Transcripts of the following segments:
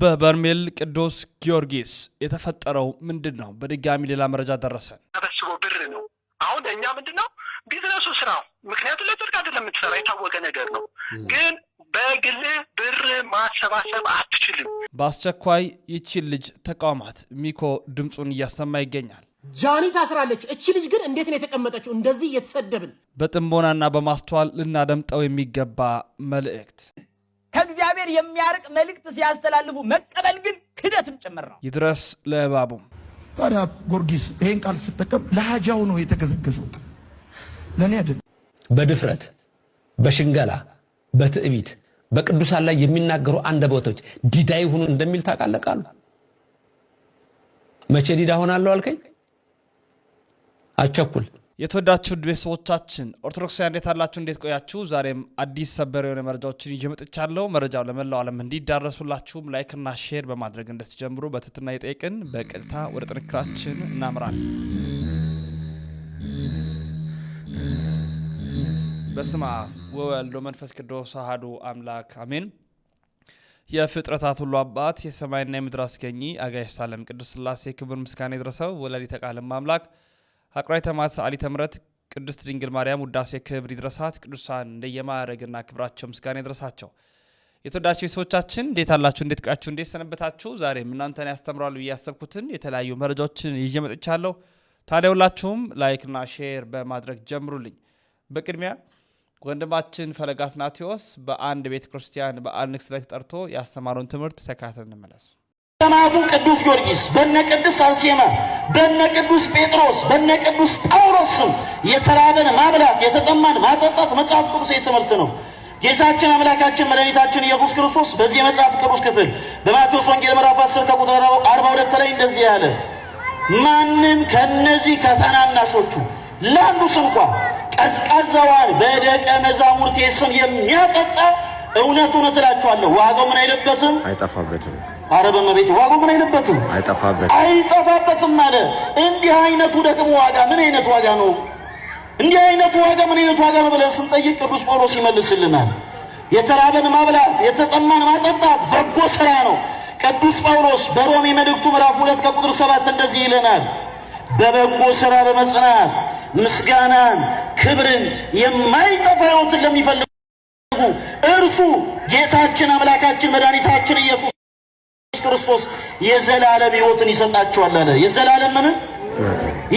በበርሜል ቅዱስ ጊዮርጊስ የተፈጠረው ምንድን ነው? በድጋሚ ሌላ መረጃ ደረሰ። ተበስቦ ብር ነው። አሁን እኛ ምንድን ነው ቢዝነሱ ስራው፣ ምክንያቱም ለጽድቅ አይደለም የምትሰራ የታወቀ ነገር ነው። ግን በግል ብር ማሰባሰብ አትችልም። በአስቸኳይ ይቺን ልጅ ተቃውማት። ሚኮ ድምፁን እያሰማ ይገኛል። ጃኒ ታስራለች። እቺ ልጅ ግን እንዴት ነው የተቀመጠችው? እንደዚህ እየተሰደብን በጥንቦናና በማስተዋል ልናደምጠው የሚገባ መልእክት ከእግዚአብሔር የሚያርቅ መልእክት ሲያስተላልፉ መቀበል ግን ክደትም ጭምር ነው። ይድረስ ለእባቡም ታዲያ ጎርጊስ ይህን ቃል ስጠቀም ለሀጃው ነው የተገዘገዘው፣ ለእኔ አይደለም። በድፍረት በሽንገላ በትዕቢት በቅዱሳን ላይ የሚናገሩ አንደበቶች ዲዳ ይሁኑ እንደሚል ታውቃለህ ቃሉ። መቼ ዲዳ ሆናለሁ አልከኝ? አቸኩል የተወዳችሁ ቤተሰቦቻችን ኦርቶዶክሳውያን እንዴት አላችሁ? እንዴት ቆያችሁ? ዛሬም አዲስ ሰበር የሆነ መረጃዎችን ይዤ መጥቻለሁ። መረጃው ለመላው ዓለም እንዲዳረሱላችሁም ላይክና ሼር በማድረግ እንድትጀምሩ በትህትና የጠየቅን፣ በቀጥታ ወደ ጥንክራችን እናምራል። በስመ አብ ወወልድ ወመንፈስ ቅዱስ አሐዱ አምላክ አሜን። የፍጥረታት ሁሉ አባት የሰማይና የምድር አስገኚ አጋዕዝተ ዓለም ቅዱስ ሥላሴ ክብር ምስጋና ይድረሰው። ወላዲተ ቃልም አምላክ አቅራይ ተማት አሊ ተምረት ቅድስት ድንግል ማርያም ውዳሴ ክብር ይድረሳት። ቅዱሳን እንደየማዕረግና ክብራቸው ምስጋና ይድረሳቸው። የተወዳችሁ ቤተሰቦቻችን እንዴት አላችሁ? እንዴት ቃችሁ? እንዴት ሰነበታችሁ? ዛሬም እናንተን ያስተምራሉ ብዬ ያሰብኩትን የተለያዩ መረጃዎችን ይዤ መጥቻለሁ። ታዲያ ሁላችሁም ላይክና ሼር በማድረግ ጀምሩልኝ። በቅድሚያ ወንድማችን ፈለጋትናቴዎስ በአንድ ቤተ ክርስቲያን በዓል ንግስ ላይ ተጠርቶ ያስተማረውን ትምህርት ተካተል እንመለሱ። ሰማዕቱ ቅዱስ ጊዮርጊስ በነ ቅዱስ አንሴማ በነ ቅዱስ ጴጥሮስ በነ ቅዱስ ጳውሎስ ስም የተራበን ማብላት የተጠማን ማጠጣት መጽሐፍ ቅዱስ ትምህርት ነው። ጌታችን አምላካችን መድኃኒታችን ኢየሱስ ክርስቶስ በዚህ የመጽሐፍ ቅዱስ ክፍል በማቴዎስ ወንጌል ምዕራፍ 10 ከቁጥር 42 ላይ እንደዚህ ያለ ማንም ከነዚህ ከታናናሾቹ ለአንዱ ስንኳ ቀዝቃዛዋን በደቀ መዛሙርቴ ስም የሚያጠጣ እውነት እውነት እላችኋለሁ ዋጋው ምን አይለበትም፣ አይጠፋበትም። አረ በመቤት ዋጎ ምን አይለበትም? አይጠፋበት አለ። እንዲህ አይነቱ ደግሞ ዋጋ ምን አይነት ዋጋ ነው? እንዲህ አይነቱ ዋጋ ምን አይነት ዋጋ ነው ብለን ስንጠይቅ ቅዱስ ጳውሎስ ይመልስልናል። የተራበን ማብላት፣ የተጠማን ማጠጣት በጎ ስራ ነው። ቅዱስ ጳውሎስ በሮሜ መልእክቱ ምዕራፍ ሁለት ከቁጥር ሰባት እንደዚህ ይለናል፣ በበጎ ስራ በመጽናት ምስጋናን ክብርን የማይጠፋ ሕይወትን ለሚፈልጉ እርሱ ጌታችን አምላካችን መድኃኒታችን ኢየሱስ ክርስቶስ የዘላለም ህይወትን ይሰጣችኋል አለ። የዘላለም ምን?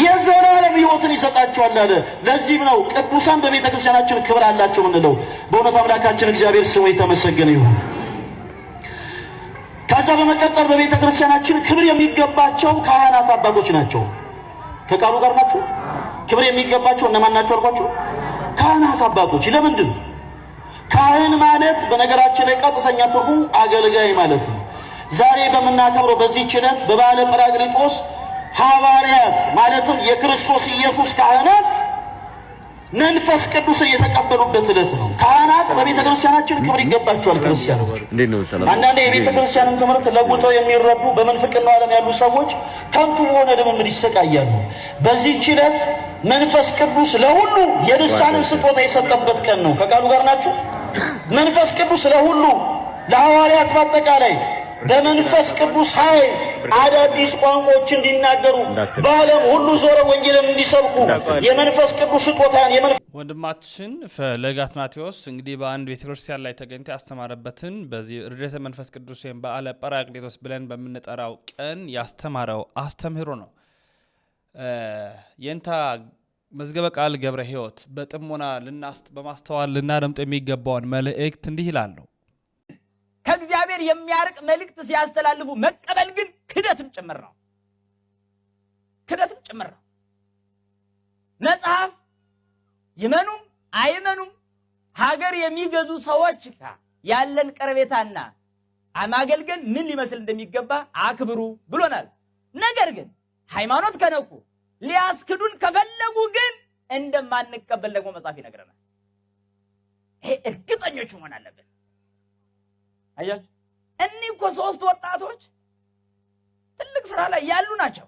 የዘላለም ህይወትን ይሰጣችኋል አለ። ለዚህም ነው ቅዱሳን በቤተ ክርስቲያናችን ክብር አላቸው የምንለው በእውነት አምላካችን እግዚአብሔር ስሙ የተመሰገነ ይሁን። ከዛ በመቀጠል በቤተ ክርስቲያናችን ክብር የሚገባቸው ካህናት አባቶች ናቸው። ከቃሉ ጋር ናቸው። ክብር የሚገባቸው እነማን ናቸው አልኳችሁ? ካህናት አባቶች። ለምንድን ካህን ማለት በነገራችን ላይ ቀጥተኛ ትርጉም አገልጋይ ማለት ነው። ዛሬ በምናከብረው በዚህ ዕለት በበዓለ ጰራቅሊጦስ ሐዋርያት ማለትም የክርስቶስ ኢየሱስ ካህናት መንፈስ ቅዱስን የተቀበሉበት ዕለት ነው። ካህናት በቤተ ክርስቲያናችን ክብር ይገባቸዋል። ክርስቲያኖች አንዳንዴ የቤተ ክርስቲያንን ትምህርት ለውጠው የሚረዱ በምንፍቅና ዓለም ያሉ ሰዎች ከንቱ በሆነ ልምምድ ይሰቃያሉ። በዚህ ችለት መንፈስ ቅዱስ ለሁሉ የልሳንን ስጦታ የሰጠበት ቀን ነው። ከቃሉ ጋር ናችሁ። መንፈስ ቅዱስ ለሁሉ ለሐዋርያት በአጠቃላይ በመንፈስ ቅዱስ ኃይል አዳዲስ ቋንቋዎች እንዲናገሩ በዓለም ሁሉ ዞረ ወንጌልን እንዲሰብኩ የመንፈስ ቅዱስ ስጦታን ወንድማችን ፈለገ አትናቴዎስ እንግዲህ በአንድ ቤተክርስቲያን ላይ ተገኝቶ ያስተማረበትን በዚህ ርደተ መንፈስ ቅዱስ ወይም በዓለ ጰራቅሊጦስ ብለን በምንጠራው ቀን ያስተማረው አስተምህሮ ነው። የንታ መዝገበ ቃል ገብረ ሕይወት በጥሞና በማስተዋል ልናደምጦ የሚገባውን መልእክት እንዲህ ይላል ነው ከእግዚአብሔር የሚያርቅ መልእክት ሲያስተላልፉ መቀበል ግን ክደትም ጭምር ነው። ክደትም ጭምር ነው። መጽሐፍ ይመኑም አይመኑም ሀገር የሚገዙ ሰዎች ያለን ቀረቤታና አማገልገል ምን ሊመስል እንደሚገባ አክብሩ ብሎናል። ነገር ግን ሃይማኖት ከነኩ ሊያስክዱን ከፈለጉ ግን እንደማንቀበል ደግሞ መጽሐፍ ይነግረናል። ይሄ እርግጠኞች መሆን አለብን። አያችሁ፣ እኒህ እኮ ሶስት ወጣቶች ትልቅ ስራ ላይ ያሉ ናቸው።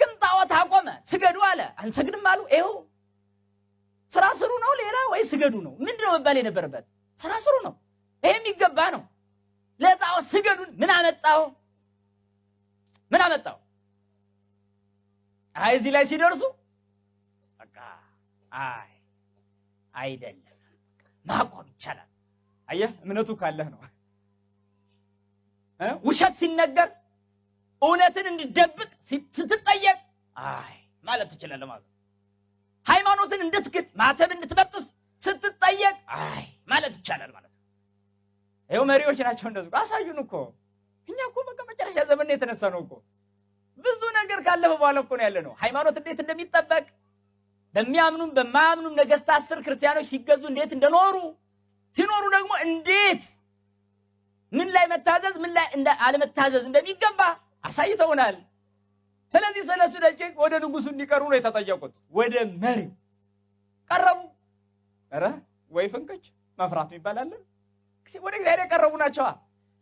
ግን ጣዖት አቆመ፣ ስገዱ አለ። አንሰግድም አሉ። ይኸው ስራ ስሩ ነው ሌላ ወይ ስገዱ ነው። ምንድን መባል የነበረበት? ስራ ስሩ ነው። ይሄም የሚገባ ነው። ለጣዖት ስገዱን ምን አመጣው? ምን አመጣው? አይ እዚህ ላይ ሲደርሱ በቃ አይ አይደለም ማቆም ይቻላል። አየህ እምነቱ ካለህ ነው። ውሸት ሲነገር እውነትን እንድደብቅ ስትጠየቅ አይ ማለት ትችላለህ ማለት ነው። ሃይማኖትን እንድትክድ ማተብ እንድትበጥስ ስትጠየቅ አይ ማለት ይቻላል ማለት ነው። ይኸው መሪዎች ናቸው እንደዚ አሳዩን እኮ እኛ እኮ በቃ መጨረሻ ዘመን የተነሳ ነው እኮ ብዙ ነገር ካለፈ በኋላ እኮ ነው ያለ ነው። ሃይማኖት እንዴት እንደሚጠበቅ በሚያምኑም በማያምኑም ነገስታት ስር ክርስቲያኖች ሲገዙ እንዴት እንደኖሩ ሲኖሩ ደግሞ እንዴት ምን ላይ መታዘዝ ምን ላይ አለመታዘዝ እንደሚገባ አሳይተውናል። ስለዚህ ሰለስቱ ደቂቅ ወደ ንጉሱ እንዲቀርቡ ነው የተጠየቁት። ወደ መሪው ቀረቡ። ኧረ ወይ ፍንክች መፍራት ይባላል። ወደ እግዚአብሔር የቀረቡ ናቸዋ።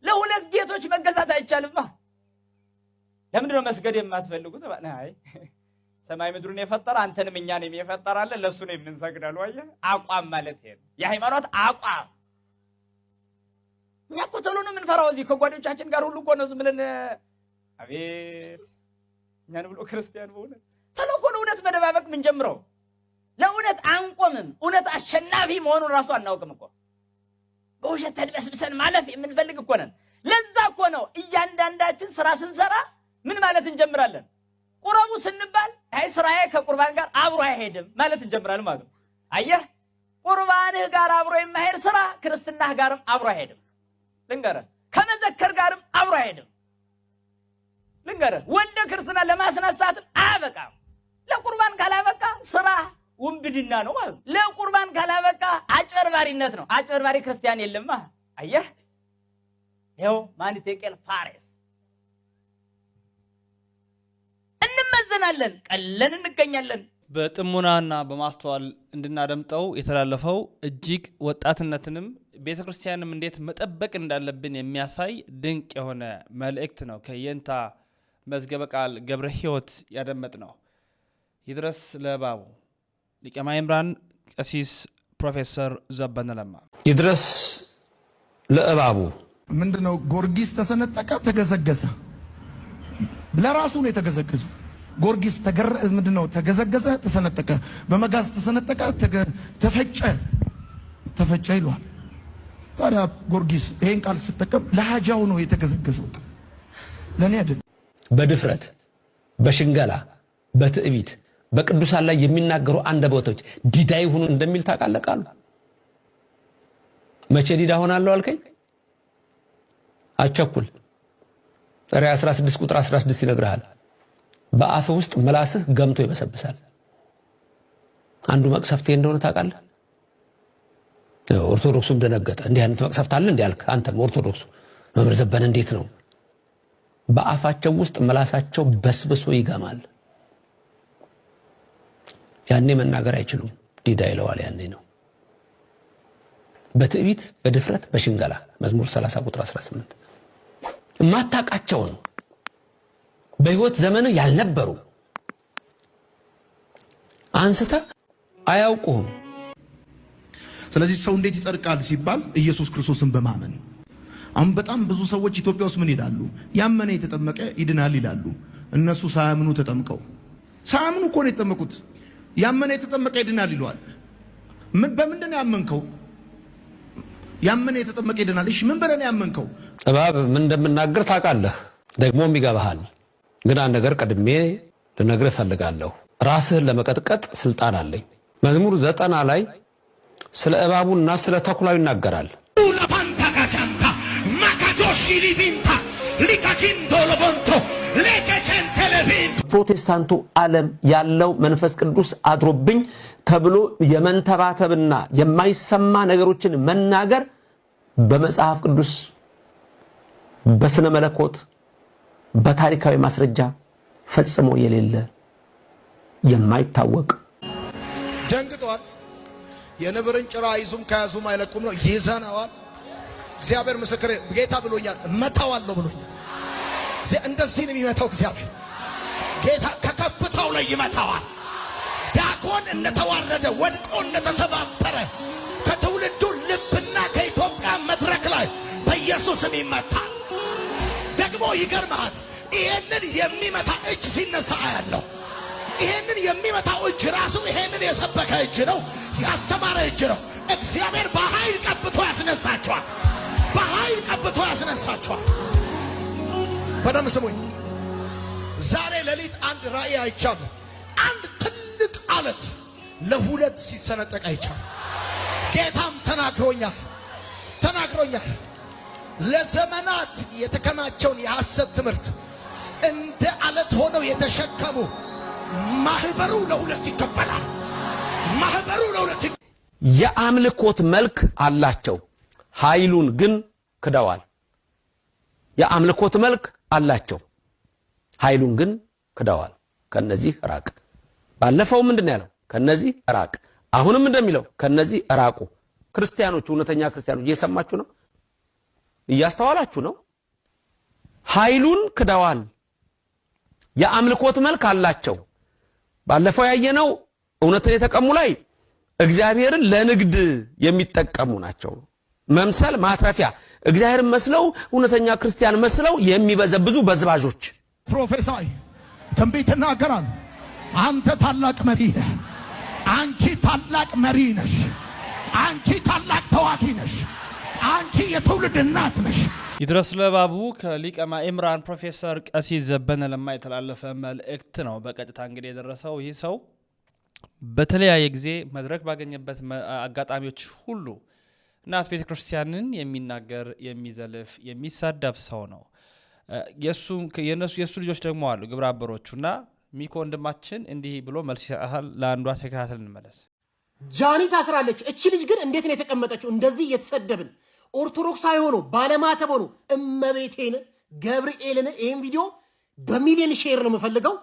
ለሁለት ጌቶች መገዛት አይቻልማ። ለምንድን ነው መስገድ የማትፈልጉት? አይ ሰማይ ምድሩን የፈጠረ አንተንም እኛንም የፈጠራለን ለእሱ ነው የምንሰግዳሉ። አየህ፣ አቋም ማለት ይሄ ነው የሃይማኖት አቋም እኛ እኮ ቶሎ ነው የምንፈራው። እዚህ ከጓዶቻችን ጋር ሁሉ እኮ ነው ዝም ብለን አቤት እኛን ብሎ ክርስቲያን በእውነት ቶሎ እኮ ነው እውነት መደባበቅ የምንጀምረው። ለእውነት አንቆምም። እውነት አሸናፊ መሆኑን ራሱ አናውቅም እኮ በውሸት ተድበስብሰን ማለፍ የምንፈልግ እኮ ነን። ለዛ እኮ ነው እያንዳንዳችን ስራ ስንሰራ ምን ማለት እንጀምራለን? ቁረቡ ስንባል አይ ስራዬ ከቁርባን ጋር አብሮ አይሄድም ማለት እንጀምራለን ማለት ነው። አየህ ቁርባንህ ጋር አብሮ የማሄድ ስራ ክርስትናህ ጋርም አብሮ አይሄድም። ልንገረ ከመዘከር ጋርም አብሮ አይሄድም። ልንገረ ወልደ ክርስትና ለማስነሳትም አያበቃም። ለቁርባን ካላበቃ ስራ ውንብድና ነው ማለት ነው። ለቁርባን ካላበቃ አጭበርባሪነት ነው። አጭበርባሪ ክርስቲያን የለም። አየህ፣ ይኸው ማን ቴቄል ፋሬስ እንመዘናለን፣ ቀለን እንገኛለን። በጥሙናና በማስተዋል እንድናደምጠው የተላለፈው እጅግ ወጣትነትንም ቤተ ክርስቲያንም እንዴት መጠበቅ እንዳለብን የሚያሳይ ድንቅ የሆነ መልእክት ነው ከየንታ መዝገበ ቃል ገብረ ሕይወት ያደመጥ ነው። ይድረስ ለእባቡ ሊቀ ማእምራን ቀሲስ ፕሮፌሰር ዘበነ ለማ። ይድረስ ለእባቡ ምንድነው? ጎርጊስ ተሰነጠቀ፣ ተገዘገዘ። ለራሱ ነው የተገዘገዙ። ጎርጊስ ምንድነው? ተገዘገዘ፣ ተሰነጠቀ፣ በመጋዝ ተሰነጠቀ፣ ተፈጨ፣ ተፈጨ ይሏል ታዲያ ጎርጊስ ይሄን ቃል ስጠቀም ለሀጃው ነው የተገዘገዘው፣ ለእኔ አይደለም። በድፍረት በሽንገላ በትዕቢት በቅዱሳን ላይ የሚናገሩ አንድ ቦታዎች ዲዳ ይሁኑ እንደሚል ታቃለቃሉ። መቼ ዲዳ ሆናለሁ አልከኝ? አቸኩል ራዕይ 16 ቁጥር 16 ይነግርሃል። በአፍ ውስጥ ምላስህ ገምቶ ይበሰብሳል። አንዱ መቅሰፍቴ እንደሆነ ታውቃለህ። ኦርቶዶክሱም ደነገጠ። እንዲህ አይነት መቅሰፍት አለ እንዲህ አልክ አንተም ኦርቶዶክሱ መምህር ዘበነ እንዴት ነው? በአፋቸው ውስጥ ምላሳቸው በስብሶ ይገማል። ያኔ መናገር አይችሉም። ዲዳ ይለዋል። ያኔ ነው በትዕቢት በድፍረት በሽንገላ መዝሙር 30 ቁጥር 18 የማታውቃቸውን በህይወት ዘመን ያልነበሩ አንስተ አያውቁህም ስለዚህ ሰው እንዴት ይጸድቃል ሲባል ኢየሱስ ክርስቶስን በማመን አሁን በጣም ብዙ ሰዎች ኢትዮጵያ ውስጥ ምን ይላሉ? ያመነ የተጠመቀ ይድናል ይላሉ። እነሱ ሳያምኑ ተጠምቀው ሳያምኑ እኮ ነው የተጠመቁት። ያመነ የተጠመቀ ይድናል ይለዋል። በምንድን ነው ያመንከው? ያመነ የተጠመቀ ይድናል። እሺ ምን ብለህ ነው ያመንከው? እባብ ምን እንደምናገር ታውቃለህ፣ ደግሞም ይገባሃል። ግን አንድ ነገር ቀድሜ ልነግርህ እፈልጋለሁ። ራስህን ለመቀጥቀጥ ስልጣን አለኝ። መዝሙር ዘጠና ላይ ስለ እባቡና ስለ ተኩላው ይናገራል። ፕሮቴስታንቱ ዓለም ያለው መንፈስ ቅዱስ አድሮብኝ ተብሎ የመንተባተብና የማይሰማ ነገሮችን መናገር በመጽሐፍ ቅዱስ በስነ መለኮት በታሪካዊ ማስረጃ ፈጽሞ የሌለ የማይታወቅ ደንግጧል። የነብርን ጭራ ይዙም ከያዙም አይለቁም ነው። ይዘነዋል። እግዚአብሔር ምስክር ጌታ ብሎኛል። እመታዋለሁ ብሎኛል። እንደዚህ ነው የሚመታው እግዚአብሔር። ጌታ ከከፍታው ላይ ይመታዋል። ዳጎን እንደተዋረደ ወድቆ እንደተሰባበረ ከትውልዱ ልብና ከኢትዮጵያ መድረክ ላይ በኢየሱስም ይመታል። ደግሞ ይገርመሃል፣ ይህንን የሚመታ እጅ ሲነሳ ያለው ይሄንን የሚመታው እጅ ራሱ ይሄንን የሰበከ እጅ ነው፣ ያስተማረ እጅ ነው። እግዚአብሔር በኃይል ቀብቶ ያስነሳቸዋል። በኃይል ቀብቶ ያስነሳቸዋል። በደም ስሙኝ። ዛሬ ሌሊት አንድ ራእይ አይቻለሁ። አንድ ትልቅ አለት ለሁለት ሲሰነጠቅ አይቻለሁ። ጌታም ተናግሮኛል ተናግሮኛል። ለዘመናት የተከማቸውን የሐሰት ትምህርት እንደ አለት ሆነው የተሸከሙ ማህበሩ ለሁለት ይከፈላል። ማህበሩ ለሁለት የአምልኮት መልክ አላቸው፣ ኃይሉን ግን ክደዋል። የአምልኮት መልክ አላቸው፣ ኃይሉን ግን ክደዋል። ከነዚህ ራቅ። ባለፈው ምንድን ያለው? ከነዚህ ራቅ። አሁንም እንደሚለው ከነዚህ ራቁ። ክርስቲያኖች እውነተኛ ክርስቲያኖች እየሰማችሁ ነው፣ እያስተዋላችሁ ነው። ኃይሉን ክደዋል። የአምልኮት መልክ አላቸው ባለፈው ያየነው እውነትን የተቀሙ ላይ እግዚአብሔርን ለንግድ የሚጠቀሙ ናቸው። መምሰል ማትረፊያ እግዚአብሔርን መስለው እውነተኛ ክርስቲያን መስለው የሚበዘብዙ በዝባዦች። ፕሮፌሳይ ትንቢት ይናገራል። አንተ ታላቅ መሪ ነህ። አንቺ ታላቅ መሪ ነሽ። አንቺ ታላቅ ተዋጊ ነሽ። አንቺ የትውልድ እናት ነሽ። ይድረስ ለባቡ ከሊቀ ማእምራን ፕሮፌሰር ቀሲስ ዘበነ ለማ የተላለፈ መልእክት ነው በቀጥታ እንግዲህ የደረሰው። ይህ ሰው በተለያየ ጊዜ መድረክ ባገኘበት አጋጣሚዎች ሁሉ እናት ቤተ ክርስቲያንን የሚናገር የሚዘልፍ፣ የሚሰደብ ሰው ነው። የእሱ ልጆች ደግሞ አሉ ግብረ እና ሚኮ ወንድማችን እንዲህ ብሎ መልስ ይሰጣታል። ለአንዷ ተከታተል እንመለስ። ጃኒ ታስራለች። እቺ ልጅ ግን እንዴት ነው የተቀመጠችው? እንደዚህ እየተሰደብን ኦርቶዶክሳዊ ሆኖ ባለማተብ ሆኖ እመቤቴን ገብርኤልን ይህን ቪዲዮ በሚሊዮን ሼር ነው የምፈልገው።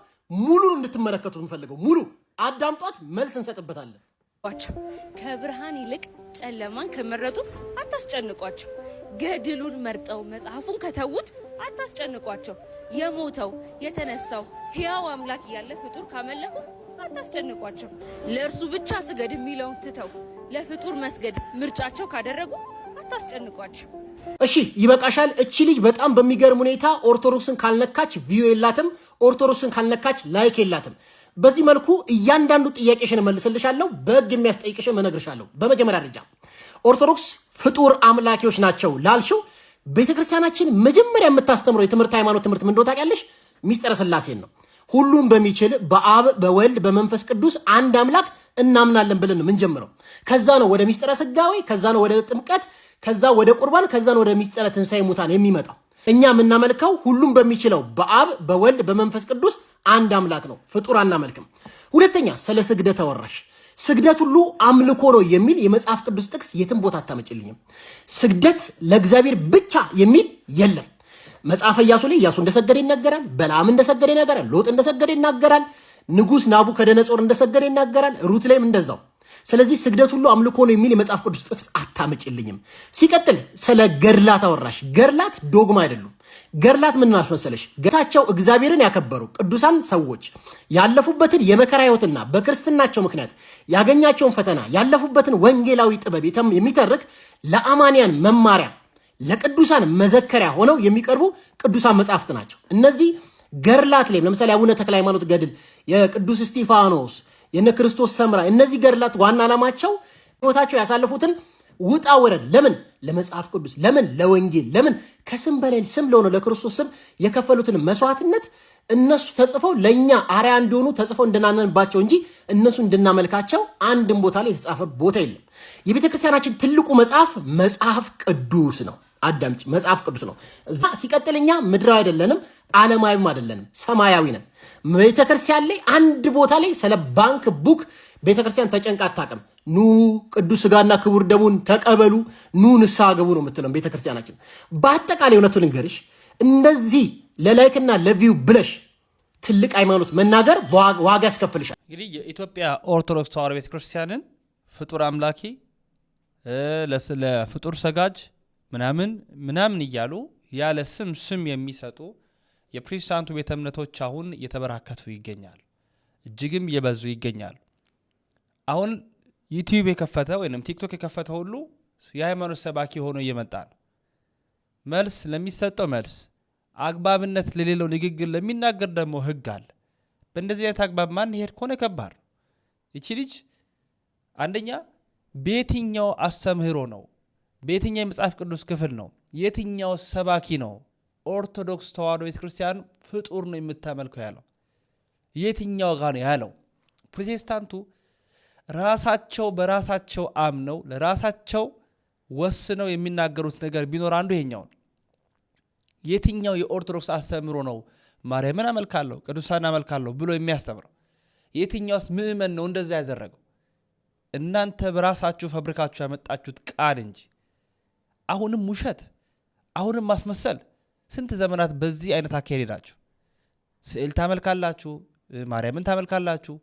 ሙሉ እንድትመለከቱት የምፈልገው ሙሉ አዳምጧት፣ መልስ እንሰጥበታለን። ከብርሃን ይልቅ ጨለማን ከመረጡ አታስጨንቋቸው። ገድሉን መርጠው መጽሐፉን ከተዉት አታስጨንቋቸው። የሞተው የተነሳው ሕያው አምላክ እያለ ፍጡር ካመለኩ አታስጨንቋቸው። ለእርሱ ብቻ ስገድ የሚለውን ትተው ለፍጡር መስገድ ምርጫቸው ካደረጉ አታስጨንቋቸው። እሺ ይበቃሻል። እቺ ልጅ በጣም በሚገርም ሁኔታ ኦርቶዶክስን ካልነካች ቪዩ የላትም፣ ኦርቶዶክስን ካልነካች ላይክ የላትም። በዚህ መልኩ እያንዳንዱ ጥያቄሽን እመልስልሻለሁ፣ በህግ የሚያስጠይቅሽን እነግርሻለሁ። በመጀመሪያ ደረጃ ኦርቶዶክስ ፍጡር አምላኪዎች ናቸው ላልሽው ቤተክርስቲያናችን መጀመሪያ የምታስተምረው የትምህርት ሃይማኖት ትምህርት ምን እንደሆነ ታውቂያለሽ? ሚስጥረ ስላሴን ነው። ሁሉም በሚችል በአብ በወልድ በመንፈስ ቅዱስ አንድ አምላክ እናምናለን ብለን ነው ከዛ ነው ወደ ሚስጥረ ስጋዌ፣ ከዛ ነው ወደ ጥምቀት ከዛ ወደ ቁርባን ከዛን ወደ ሚስጥረ ትንሣኤ ሙታን የሚመጣው እኛ የምናመልከው ሁሉም በሚችለው በአብ በወልድ በመንፈስ ቅዱስ አንድ አምላክ ነው። ፍጡር አናመልክም። ሁለተኛ ስለ ስግደት ተወራሽ ስግደት ሁሉ አምልኮ ነው የሚል የመጽሐፍ ቅዱስ ጥቅስ የትም ቦታ አታመጭልኝም። ስግደት ለእግዚአብሔር ብቻ የሚል የለም። መጽሐፈ እያሱ ላይ እያሱ እንደሰገደ ይናገራል። በለዓም እንደሰገደ ይናገራል። ሎጥ እንደሰገደ ይናገራል። ንጉሥ ናቡከደነጾር እንደሰገደ ይናገራል። ሩት ላይም እንደዛው ስለዚህ ስግደት ሁሉ አምልኮ ነው የሚል የመጽሐፍ ቅዱስ ጥቅስ አታመጭልኝም። ሲቀጥል ስለ ገድላት አወራሽ። ገድላት ዶግማ አይደሉም። ገድላት ምን ማስመሰለሽ ገታቸው እግዚአብሔርን ያከበሩ ቅዱሳን ሰዎች ያለፉበትን የመከራ ሕይወትና በክርስትናቸው ምክንያት ያገኛቸውን ፈተና ያለፉበትን ወንጌላዊ ጥበብ የሚተርክ ለአማንያን መማሪያ ለቅዱሳን መዘከሪያ ሆነው የሚቀርቡ ቅዱሳን መጽሐፍት ናቸው። እነዚህ ገድላት ላይም ለምሳሌ አቡነ ተክለ ሃይማኖት ገድል፣ የቅዱስ እስጢፋኖስ የነ ክርስቶስ ሰምራ እነዚህ ገድላት ዋና ዓላማቸው ህይወታቸው ያሳለፉትን ውጣ ወረድ ለምን ለመጽሐፍ ቅዱስ ለምን ለወንጌል ለምን ከስም በላይ ስም ለሆነ ለክርስቶስ ስም የከፈሉትን መስዋዕትነት እነሱ ተጽፈው ለእኛ አርያ እንዲሆኑ ተጽፈው እንድናነንባቸው እንጂ እነሱ እንድናመልካቸው አንድም ቦታ ላይ የተጻፈ ቦታ የለም። የቤተክርስቲያናችን ትልቁ መጽሐፍ መጽሐፍ ቅዱስ ነው። አዳምጪ፣ መጽሐፍ ቅዱስ ነው። እዛ ሲቀጥልኛ ምድራዊ አይደለንም፣ ዓለማዊም አይደለንም፣ ሰማያዊ ነን። ቤተክርስቲያን ላይ አንድ ቦታ ላይ ስለ ባንክ ቡክ ቤተክርስቲያን ተጨንቃ አታውቅም። ኑ ቅዱስ ስጋና ክቡር ደሙን ተቀበሉ፣ ኑ ንስሐ ገቡ ነው የምትለው ቤተክርስቲያናችን። በአጠቃላይ እውነቱ ልንገርሽ፣ እንደዚህ ለላይክና ለቪው ብለሽ ትልቅ ሃይማኖት መናገር ዋጋ ያስከፍልሻል። እንግዲህ የኢትዮጵያ ኦርቶዶክስ ተዋሕዶ ቤተክርስቲያንን ፍጡር አምላኪ ለፍጡር ሰጋጅ ምናምን ምናምን እያሉ ያለ ስም ስም የሚሰጡ የፕሮቴስታንቱ ቤተ እምነቶች አሁን እየተበራከቱ ይገኛሉ። እጅግም እየበዙ ይገኛሉ። አሁን ዩቲዩብ የከፈተ ወይም ቲክቶክ የከፈተ ሁሉ የሃይማኖት ሰባኪ ሆኖ እየመጣ ነው። መልስ ለሚሰጠው መልስ አግባብነት ለሌለው ንግግር ለሚናገር ደግሞ ህግ አለ። በእንደዚህ አይነት አግባብ ማን ሄድ ከሆነ ከባድ ይቺ ልጅ አንደኛ በየትኛው አስተምህሮ ነው በየትኛው የመጽሐፍ ቅዱስ ክፍል ነው? የትኛው ሰባኪ ነው ኦርቶዶክስ ተዋሕዶ ቤተክርስቲያን ፍጡር ነው የምታመልከው ያለው? የትኛው ጋር ነው ያለው? ፕሮቴስታንቱ ራሳቸው በራሳቸው አምነው ለራሳቸው ወስነው የሚናገሩት ነገር ቢኖር አንዱ ነው። የትኛው የኦርቶዶክስ አስተምሮ ነው ማርያምን አመልካለሁ ቅዱሳን አመልካለሁ ብሎ የሚያስተምረው? የትኛውስ ምእመን ነው እንደዛ ያደረገው? እናንተ በራሳችሁ ፈብሪካችሁ ያመጣችሁት ቃል እንጂ አሁንም ውሸት፣ አሁንም ማስመሰል። ስንት ዘመናት በዚህ አይነት አካሄድ ናቸው። ስዕል ታመልካላችሁ፣ ማርያምን ታመልካላችሁ።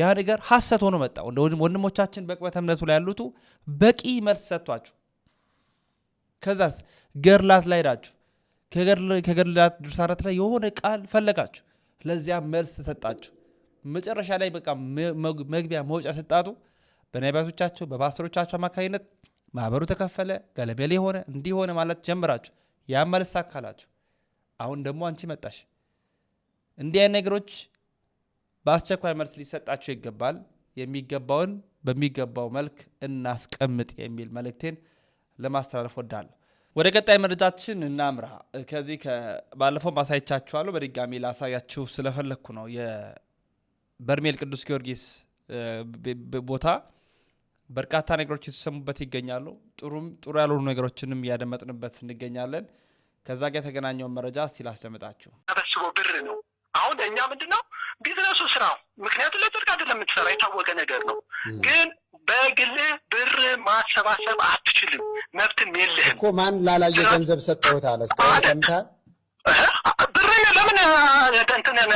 ያ ነገር ሐሰት ሆኖ መጣ። ወንድሞቻችን በቅበተ እምነቱ ላይ ያሉቱ በቂ መልስ ሰጥቷችሁ፣ ከዛስ ገድላት ላይ ሄዳችሁ ከገድላት ድርሳናት ላይ የሆነ ቃል ፈለጋችሁ፣ ለዚያ መልስ ተሰጣችሁ። መጨረሻ ላይ በቃ መግቢያ መውጫ ስጣጡ በነቢያቶቻቸው በፓስተሮቻቸው አማካኝነት ማህበሩ ተከፈለ፣ ገለቤሌ ሆነ፣ እንዲህ ሆነ ማለት ጀምራችሁ ያን መልስ አካላችሁ። አሁን ደግሞ አንቺ መጣሽ። እንዲህ አይነት ነገሮች በአስቸኳይ መልስ ሊሰጣቸው ይገባል። የሚገባውን በሚገባው መልክ እናስቀምጥ የሚል መልእክቴን ለማስተላለፍ ወዳለሁ። ወደ ቀጣይ መረጃችን እናምራ። ከዚህ ባለፈው ማሳይቻችኋለሁ፣ በድጋሚ ላሳያችሁ ስለፈለግኩ ነው። የበርሜል ቅዱስ ጊዮርጊስ ቦታ በርካታ ነገሮች የተሰሙበት ይገኛሉ። ጥሩም ጥሩ ያልሆኑ ነገሮችንም እያደመጥንበት እንገኛለን። ከዛ ጋር የተገናኘውን መረጃ እስቲ ላስደምጣችሁ። ተሰብስቦ ብር ነው አሁን እኛ ምንድነው ቢዝነሱ ስራው፣ ምክንያቱ ለጽድቅ አይደለም የምትሰራ የታወቀ ነገር ነው። ግን በግል ብር ማሰባሰብ አትችልም፣ መብትም የለህም እኮ ማን ላላየ ገንዘብ ሰጠሁት አለ ብር ለምን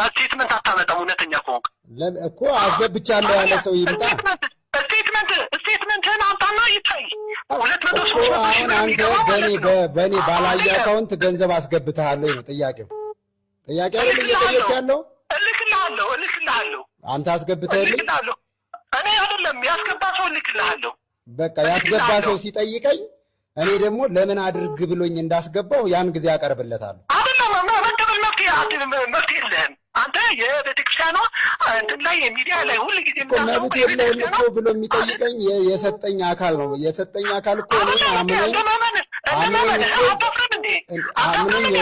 ስቴትመንት አታመጣም? እውነተኛ ከሆንክ እኮ አስገብቻለሁ ያለ ሰው ይምጣ ስቴትመንትህን አምጣና ይታይ። ሁለት መቶ ሶስት መቶ ሺህ ማለት ነው። በእኔ ባላየ አካውንት ገንዘብ አስገብተሃለሁ ነው ጥያቄው። ጥያቄ እየጠየቅ ያለው። እልክልሃለሁ፣ እልክልሃለሁ። አንተ አስገብተህልኝ እኔ አይደለም ያስገባ ሰው እልክልሃለሁ። በቃ ያስገባ ሰው ሲጠይቀኝ እኔ ደግሞ ለምን አድርግ ብሎኝ እንዳስገባው ያን ጊዜ አቀርብለታለሁ። አይደለም መቀበል መፍትሄ መፍትሄ የለህም አንተ የቤተክርስቲያኗ እንትን ላይ የሚዲያ ላይ ሁሉ ጊዜ ብሎ የሚጠይቀኝ የሰጠኝ አካል ነው። የሰጠኝ አካል እኮ አምኖኝ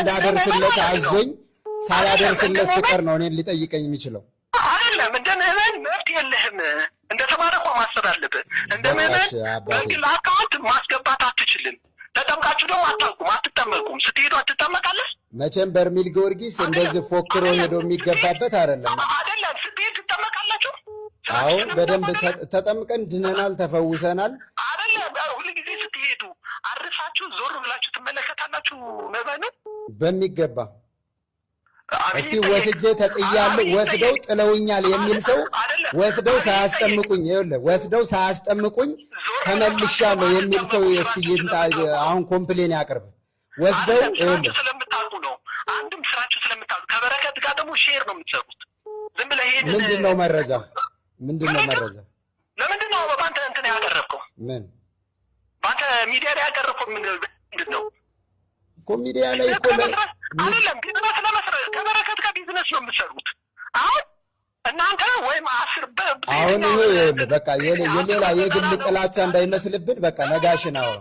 እንዳደርስለት አዞኝ ሳላደርስለት ስቀር ነው እኔን ሊጠይቀኝ የሚችለው። አይደለም እንደ ምዕመን መብት የለህም። እንደ ተማረ እኮ ማሰብ አለብህ። እንደ ምዕመን በግል አካውንት ማስገባት አትችልም። ተጠምቃችሁ ደግሞ አታውቁም፣ አትጠመቁም። ስትሄዱ አትጠመቃለህ መቼም በርሚል ጊዮርጊስ እንደዚህ ፎክሮ ሄዶ የሚገባበት አይደለም። አዎ በደንብ ተጠምቀን ድነናል፣ ተፈውሰናል። ሁልጊዜ ስትሄዱ አርፋችሁ ዞር ብላችሁ ትመለከታላችሁ። መበንን በሚገባ እስቲ ወስጄ ተጥያለሁ ወስደው ጥለውኛል የሚል ሰው ወስደው ሳያስጠምቁኝ ይኸውልህ ወስደው ሳያስጠምቁኝ ተመልሻለሁ የሚል ሰው እስቲ ይምጣ፣ አሁን ኮምፕሌን ያቅርብ። ወስደው ይኸውልህ ሼር ነው የምትሰሩት። ዝም ብለህ ሄድ። ምንድን ነው መረጃ? ምንድን ነው መረጃ? ለምንድን ነው በአንተ እንትን ያቀረብከው? ምን በአንተ ሚዲያ ላይ ያቀረብከው ምንድን ነው እኮ ሚዲያ ላይ እኮ አይደለም። ቢዝነስ ለመስረት ከበረከት ጋር ቢዝነስ ነው የምትሰሩት። አሁን እናንተ ወይም አስር አሁን ይሄ በቃ የሌላ የግል ጥላቻ እንዳይመስልብን በቃ ነጋሽን አሁን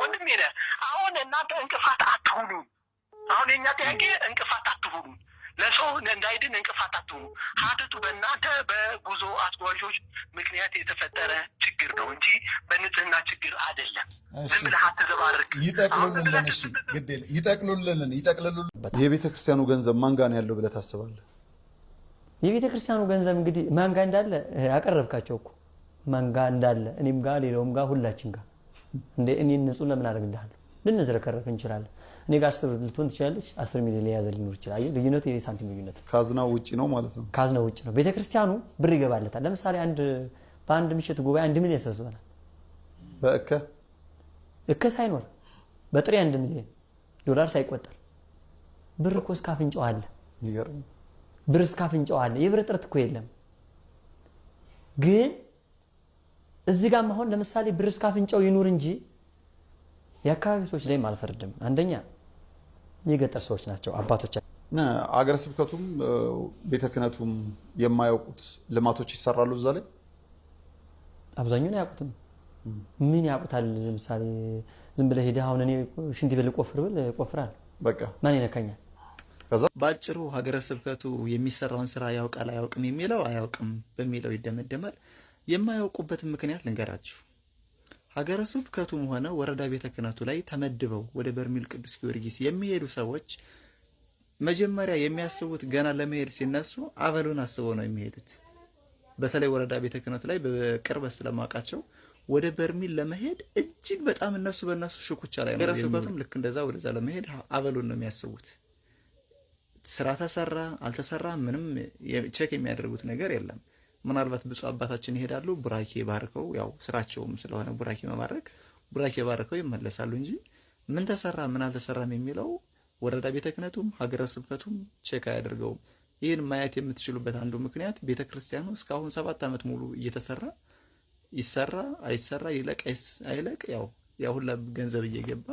ወንድሜ ነህ። አሁን እናንተ እንቅፋት አትሆኑም። አሁን የኛ ጥያቄ እንቅፋት አትሁኑ፣ ለሰው እንዳይድን እንቅፋት አትሁኑ። ሀተቱ በእናንተ በጉዞ አስጓዦች ምክንያት የተፈጠረ ችግር ነው እንጂ በንጽህና ችግር አይደለም። ዝም ይጠቅሉልን፣ ይጠቅልሉልን። የቤተ ክርስቲያኑ ገንዘብ ማንጋን ያለው ብለህ ታስባለህ? የቤተ ክርስቲያኑ ገንዘብ እንግዲህ ማንጋ እንዳለ ያቀረብካቸው እኮ ማንጋ እንዳለ እኔም ጋር ሌላውም ጋር ሁላችን ጋር እንደ እኔ ንጹህ ለምን አደርግልሃለሁ ልንዝረከረክ እንችላለን። እኔ ጋር አስር ልትሆን ትችላለች። አስር ሚሊዮን የያዘ ሊኖር ይችላል። ልዩነቱ የሳንቲም ልዩነት ካዝናው ውጭ ነው ማለት ነው። ካዝናው ውጭ ነው። ቤተክርስቲያኑ ብር ይገባለታል። ለምሳሌ አንድ በአንድ ምሽት ጉባኤ አንድ ሚሊዮን ሰብስበናል። በእከ እከ ሳይኖር በጥሬ አንድ ሚሊዮን ዶላር ሳይቆጠር ብር እኮ እስከ አፍንጫው አለ። ብር እስከ አፍንጫው አለ። የብር እጥረት እኮ የለም። ግን እዚህ ጋም አሁን ለምሳሌ ብር እስከ አፍንጫው ይኑር እንጂ የአካባቢ ሰዎች ላይም አልፈርድም። አንደኛ የገጠር ሰዎች ናቸው አባቶች አገረ ስብከቱም ቤተ ክህነቱም የማያውቁት ልማቶች ይሰራሉ እዛ ላይ አብዛኛውን አያውቁትም። ምን ያውቁታል? ለምሳሌ ዝም ብለህ ሄደህ አሁን እኔ ሽንት ቤት ልቆፍር ብል ቆፍራል። በቃ ማን ይነካኛል? በአጭሩ ሀገረ ስብከቱ የሚሰራውን ስራ ያውቃል አያውቅም የሚለው አያውቅም በሚለው ይደመደማል። የማያውቁበትን ምክንያት ልንገራችሁ። ሀገረ ስብከቱም ሆነ ወረዳ ቤተ ክህነቱ ላይ ተመድበው ወደ በርሜል ቅዱስ ጊዮርጊስ የሚሄዱ ሰዎች መጀመሪያ የሚያስቡት ገና ለመሄድ ሲነሱ አበሉን አስበው ነው የሚሄዱት። በተለይ ወረዳ ቤተ ክህነቱ ላይ በቅርበት ስለማውቃቸው ወደ በርሜል ለመሄድ እጅግ በጣም እነሱ በእነሱ ሽኩቻ ላይ ነው። ሀገረ ስብከቱም ልክ እንደዛ ወደዛ ለመሄድ አበሉን ነው የሚያስቡት። ስራ ተሰራ አልተሰራ ምንም ቼክ የሚያደርጉት ነገር የለም። ምናልባት ብፁዕ አባታችን ይሄዳሉ ቡራኬ ባርከው፣ ያው ስራቸውም ስለሆነ ቡራኬ መባረክ ቡራኬ ባርከው ይመለሳሉ እንጂ ምን ተሰራ ምን አልተሰራም የሚለው ወረዳ ቤተ ክህነቱም ሀገረ ስብከቱም ቼክ አያደርገውም። ይህን ማየት የምትችሉበት አንዱ ምክንያት ቤተ ክርስቲያኑ እስካሁን ሰባት ዓመት ሙሉ እየተሰራ ይሰራ አይሰራ ይለቅ አይለቅ ያው ያው ሁላ ገንዘብ እየገባ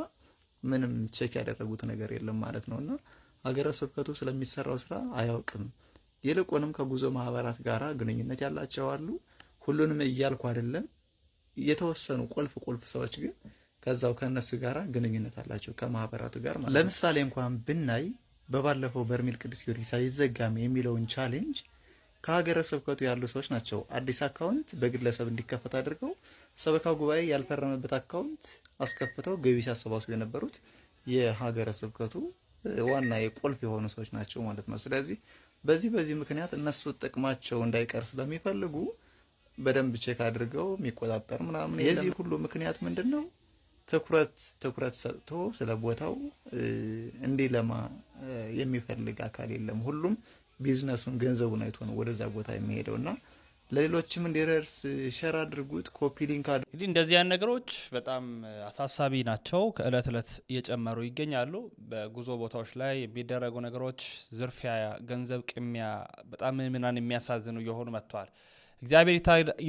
ምንም ቼክ ያደረጉት ነገር የለም ማለት ነውና ሀገረ ስብከቱ ስለሚሰራው ስራ አያውቅም። ይልቁንም ከጉዞ ማህበራት ጋር ግንኙነት ያላቸው አሉ። ሁሉንም እያልኩ አይደለም። የተወሰኑ ቁልፍ ቁልፍ ሰዎች ግን ከዛው ከነሱ ጋር ግንኙነት አላቸው ከማህበራቱ ጋር ማለት። ለምሳሌ እንኳን ብናይ በባለፈው በርሜል ቅዱስ ጊዮርጊስ አይዘጋም የሚለውን ቻሌንጅ ከሀገረ ስብከቱ ያሉ ሰዎች ናቸው አዲስ አካውንት በግለሰብ እንዲከፈት አድርገው ሰበካ ጉባኤ ያልፈረመበት አካውንት አስከፍተው ገቢ ሲያሰባስቡ የነበሩት የሀገረ ስብከቱ ዋና የቁልፍ የሆኑ ሰዎች ናቸው ማለት ነው። ስለዚህ በዚህ በዚህ ምክንያት እነሱ ጥቅማቸው እንዳይቀር ስለሚፈልጉ በደንብ ቼክ አድርገው የሚቆጣጠር ምናምን። የዚህ ሁሉ ምክንያት ምንድን ነው? ትኩረት ትኩረት ሰጥቶ ስለ ቦታው እንዲለማ የሚፈልግ አካል የለም። ሁሉም ቢዝነሱን ገንዘቡን አይቶ ነው ወደዛ ቦታ የሚሄደው እና ለሌሎችም እንዲደርስ ሸር አድርጉት፣ ኮፒ ሊንክ አድርጉ። እንግዲህ እንደዚህ ያን ነገሮች በጣም አሳሳቢ ናቸው። ከእለት እለት እየጨመሩ ይገኛሉ። በጉዞ ቦታዎች ላይ የሚደረጉ ነገሮች፣ ዝርፊያ፣ ገንዘብ ቅሚያ በጣም ምናን የሚያሳዝኑ እየሆኑ መጥተዋል። እግዚአብሔር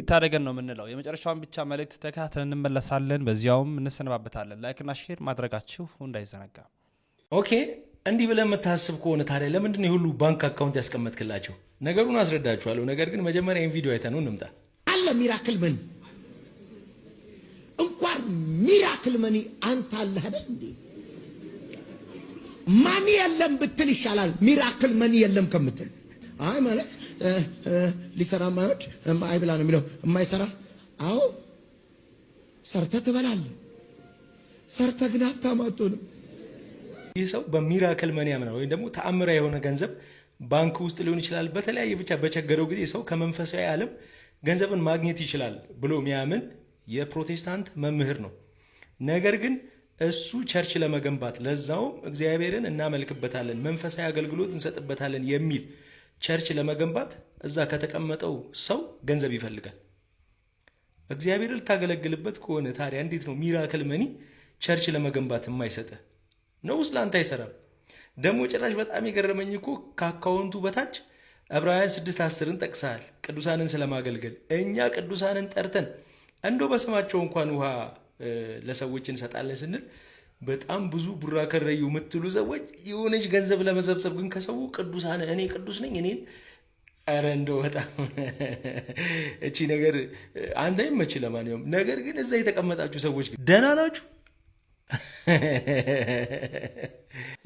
ይታደገን ነው የምንለው። የመጨረሻውን ብቻ መልእክት ተከታትለን እንመለሳለን። በዚያውም እንሰነባበታለን። ላይክና ሼር ማድረጋችሁ እንዳይዘነጋ ኦኬ። እንዲህ ብለህ የምታስብ ከሆነ ታዲያ ለምንድን ነው የሁሉ ባንክ አካውንት ያስቀመጥክላቸው? ነገሩን አስረዳችኋለሁ። ነገር ግን መጀመሪያ ይህን ቪዲዮ አይተነው እንምጣ። አለ ሚራክል መኒ እንኳን ሚራክል መኒ አንተ አለህ አይደል እንዴ? ማኒ የለም ብትል ይሻላል ሚራክል መኒ የለም ከምትል። አይ ማለት ሊሰራ አይ ብላ ነው የሚለው የማይሰራ። አዎ ሰርተ ትበላለህ። ሰርተ ግን ሀብታም አትሆንም። ይህ ሰው በሚራክል መን ያምናል ወይም ደግሞ ተአምራ የሆነ ገንዘብ ባንክ ውስጥ ሊሆን ይችላል። በተለያየ ብቻ በቸገረው ጊዜ ሰው ከመንፈሳዊ ዓለም ገንዘብን ማግኘት ይችላል ብሎ የሚያምን የፕሮቴስታንት መምህር ነው። ነገር ግን እሱ ቸርች ለመገንባት ለዛውም እግዚአብሔርን እናመልክበታለን፣ መንፈሳዊ አገልግሎት እንሰጥበታለን የሚል ቸርች ለመገንባት እዛ ከተቀመጠው ሰው ገንዘብ ይፈልጋል። እግዚአብሔር ልታገለግልበት ከሆነ ታዲያ እንዴት ነው ሚራክል መኒ ቸርች ለመገንባት የማይሰጥህ? ነውስ ለአንተ አይሰራም። ደግሞ ጭራሽ በጣም የገረመኝ እኮ ከአካውንቱ በታች ዕብራውያን ስድስት አስርን ጠቅሰሃል ቅዱሳንን ስለማገልገል። እኛ ቅዱሳንን ጠርተን እንዶ በስማቸው እንኳን ውሃ ለሰዎች እንሰጣለን ስንል በጣም ብዙ ቡራ ከረዩ የምትሉ ሰዎች የሆነች ገንዘብ ለመሰብሰብ ግን ከሰው ቅዱሳን እኔ ቅዱስ ነኝ እኔን ኧረ እንደው በጣም እቺ ነገር አንተ ይመች። ለማንኛውም ነገር ግን እዛ የተቀመጣችሁ ሰዎች ደህና ናችሁ?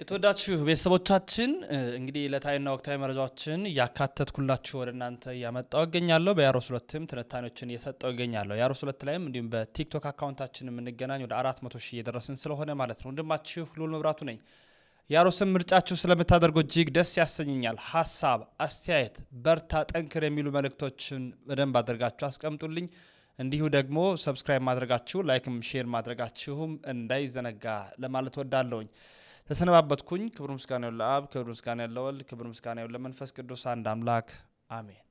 የተወዳችሁ ቤተሰቦቻችን እንግዲህ ዕለታዊና ወቅታዊ መረጃዎችን እያካተትኩላችሁ ወደ እናንተ እያመጣው እገኛለሁ። በያሮስ ሁለትም ትንታኔዎችን እየሰጠው እገኛለሁ። ያሮስ ሁለት ላይም እንዲሁም በቲክቶክ አካውንታችን የምንገናኝ ወደ አራት መቶ ሺህ እየደረስን ስለሆነ ማለት ነው። ወንድማችሁ ልዑል መብራቱ ነኝ። ያሮስን ምርጫችሁ ስለምታደርጉ እጅግ ደስ ያሰኝኛል። ሀሳብ፣ አስተያየት፣ በርታ፣ ጠንክር የሚሉ መልእክቶችን በደንብ አድርጋችሁ አስቀምጡልኝ። እንዲሁ ደግሞ ሰብስክራይብ ማድረጋችሁ ላይክም ሼር ማድረጋችሁም እንዳይዘነጋ ለማለት ወዳለውኝ ተሰነባበትኩኝ። ክብር ምስጋና ለአብ፣ ክብር ምስጋና ለወልድ፣ ክብር ምስጋና ለመንፈስ ቅዱስ አንድ አምላክ አሜን።